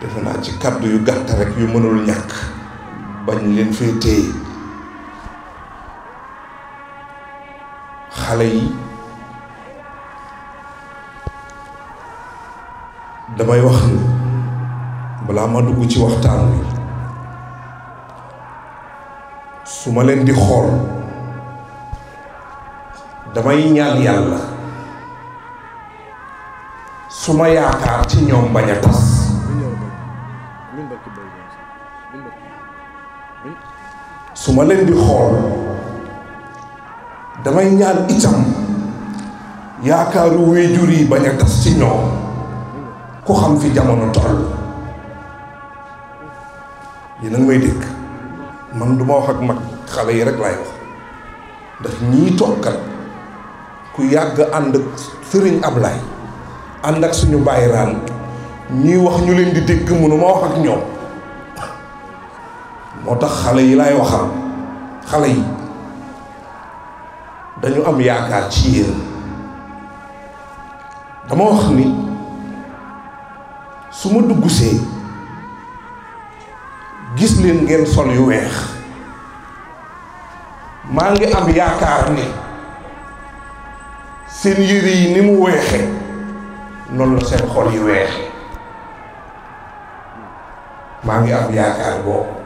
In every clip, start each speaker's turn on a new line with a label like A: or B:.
A: defe naa ci kàddu yu gàtt rek yu mënul ñàkk bañ leen fee téye xale yi damay wax ni balaa ma dugg ci waxtaan wi su ma leen di xool damay ñaan yàlla su ma yaakaar ci ñoom bañ a tas su ma di xool damay ñaan itam yaakaaru wéjur yi bañ a tas ci ñoom ku xam fi jamono toll yéen a may dégg man du ma wax ak mag xale yi rek laay wax ndax ñii tokkal ku yàgg ànd ak sëriñ Ablaay ànd ak suñu bàyyi raan wax ñu leen di dégg mënu ma wax ak ñoom moo tax xale yi laay waxal xale yi dañu am yaakaar ci yéen dama wax ni su ma duggsee gis leen ngeen sol yu weex maa ngi am yaakaar ni seen yére yi ni mu weexe noonu la seen xol yi weexe maa ngi am yaakaar boobu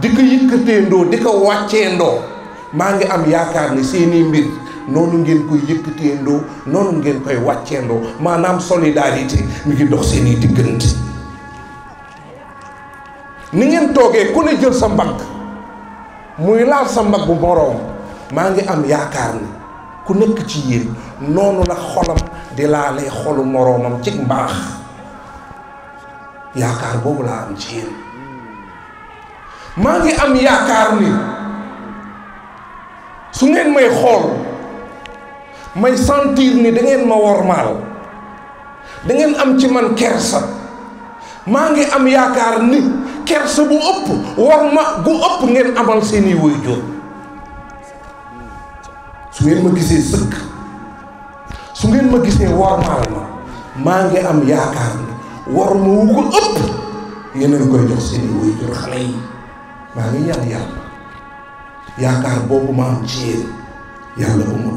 A: di ko yëkkateendoo di ko wàcceendoo maa ngi am yaakaar ni seeni mbir noonu ngeen koy yëkkateendoo noonu ngeen koy wàcceendoo maanaam solidarité mi ngi dox seeni diggante ni ngeen toogee ku ne jël sa mbagg muy laal sa mbagg bu maa ngi am yaakaar ni ku nekk ci yéen noonu la xolam di laalee xolu moroomam ci mbaax yaakaar boobu laa am ci yéen maa ngi am yaakaar ni su ngeen may xool may sentir ni dangeen ma wormaal da ngeen am ci man kersa maa ngi am yaakaar ni kersa bu ëpp war gu ëpp ngeen amal seeni waajur su ngeen ma gisee sëkk su ngeen ma gisee wormaal ma maa ngi am yaakaar ni war wu ko ëpp ngeen koy jox seeni waajur xale yi maa ngi ñaan yàlla yaakaar boobu ma am ci yéen yàlla bu mu